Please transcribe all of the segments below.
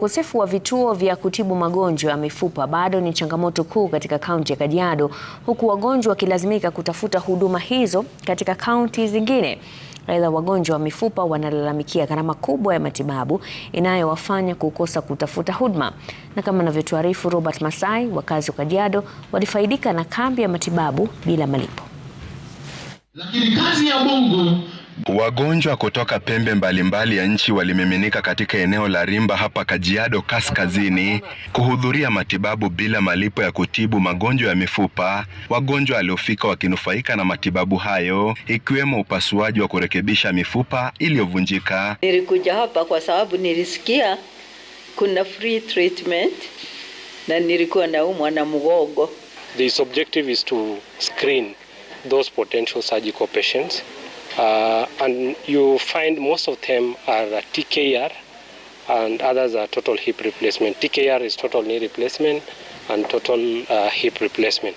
ukosefu wa vituo vya kutibu magonjwa ya mifupa bado ni changamoto kuu katika kaunti ya Kajiado, huku wagonjwa wakilazimika kutafuta huduma hizo katika kaunti zingine. Aidha, wagonjwa wa mifupa wanalalamikia gharama kubwa ya matibabu inayowafanya kukosa kutafuta huduma. Na kama anavyotuarifu Robert Masai, wakazi wa Kajiado walifaidika na kambi ya matibabu bila malipo, lakini kazi ya Mungu Wagonjwa kutoka pembe mbalimbali ya nchi walimiminika katika eneo la Rimba hapa Kajiado Kaskazini kuhudhuria matibabu bila malipo ya kutibu magonjwa ya mifupa. Wagonjwa waliofika wakinufaika na matibabu hayo ikiwemo upasuaji wa kurekebisha mifupa iliyovunjika. Nilikuja hapa kwa sababu nilisikia kuna free treatment na nilikuwa naumwa na mgongo. The objective is to screen those potential surgical patients. Uh, and you find most of them are TKR and others are total hip replacement. TKR is total knee replacement and total uh, hip replacement.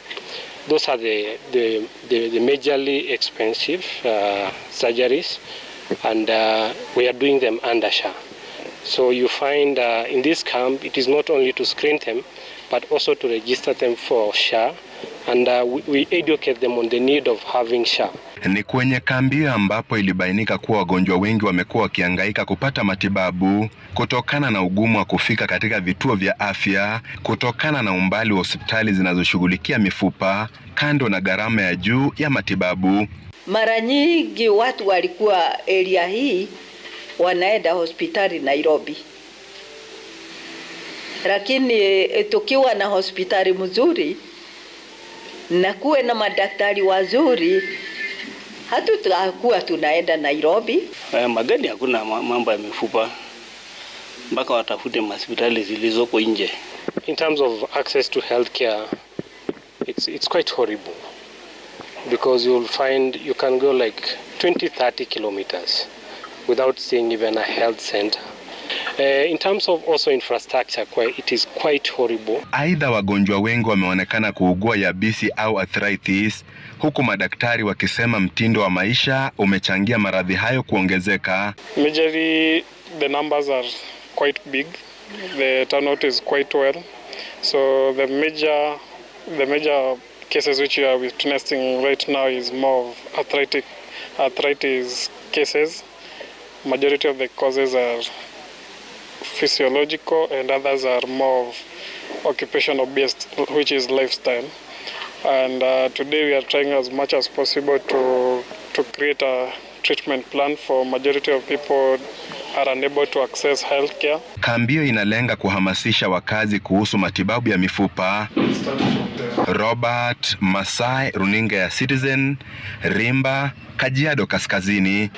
Those are the, the, the, the majorly expensive uh, surgeries and uh, we are doing them under SHA. So you find uh, in this camp it is not only to screen them but also to register them for SHA and uh, we educate them on the need of having SHA. Ni kwenye kambi ambapo ilibainika kuwa wagonjwa wengi wamekuwa wakihangaika kupata matibabu kutokana na ugumu wa kufika katika vituo vya afya kutokana na umbali wa hospitali zinazoshughulikia mifupa kando na gharama ya juu ya matibabu. Mara nyingi watu walikuwa eria hii wanaenda hospitali Nairobi, lakini eh, tukiwa na hospitali mzuri na kuwe na madaktari wazuri. Hatutakuwa tunaenda Nairobi. Magadi hakuna mambo ya mifupa mpaka watafute hospitali zilizoko nje. In terms of access to healthcare, it's, it's quite horrible because you'll find you can go like 20, 30 kilometers without seeing even a health center. Uh, in terms of also infrastructure, it is quite horrible. Aidha, wagonjwa wengi wameonekana kuugua yabisi au arthritis, huku madaktari wakisema mtindo wa maisha umechangia maradhi hayo kuongezeka. Majorly, the numbers are quite big. The turnout is quite well. So the major, the major cases which are witnessing right now is more of arthritic, arthritis cases. Majority of the causes are physiological, and others are more occupational based, which is lifestyle. And uh, today we are trying as much as possible to, to create a treatment plan for majority of people are unable to access healthcare. Kambi hiyo inalenga kuhamasisha wakazi kuhusu matibabu ya mifupa. Robert Masai, runinga ya Citizen, Rimba, Kajiado Kaskazini.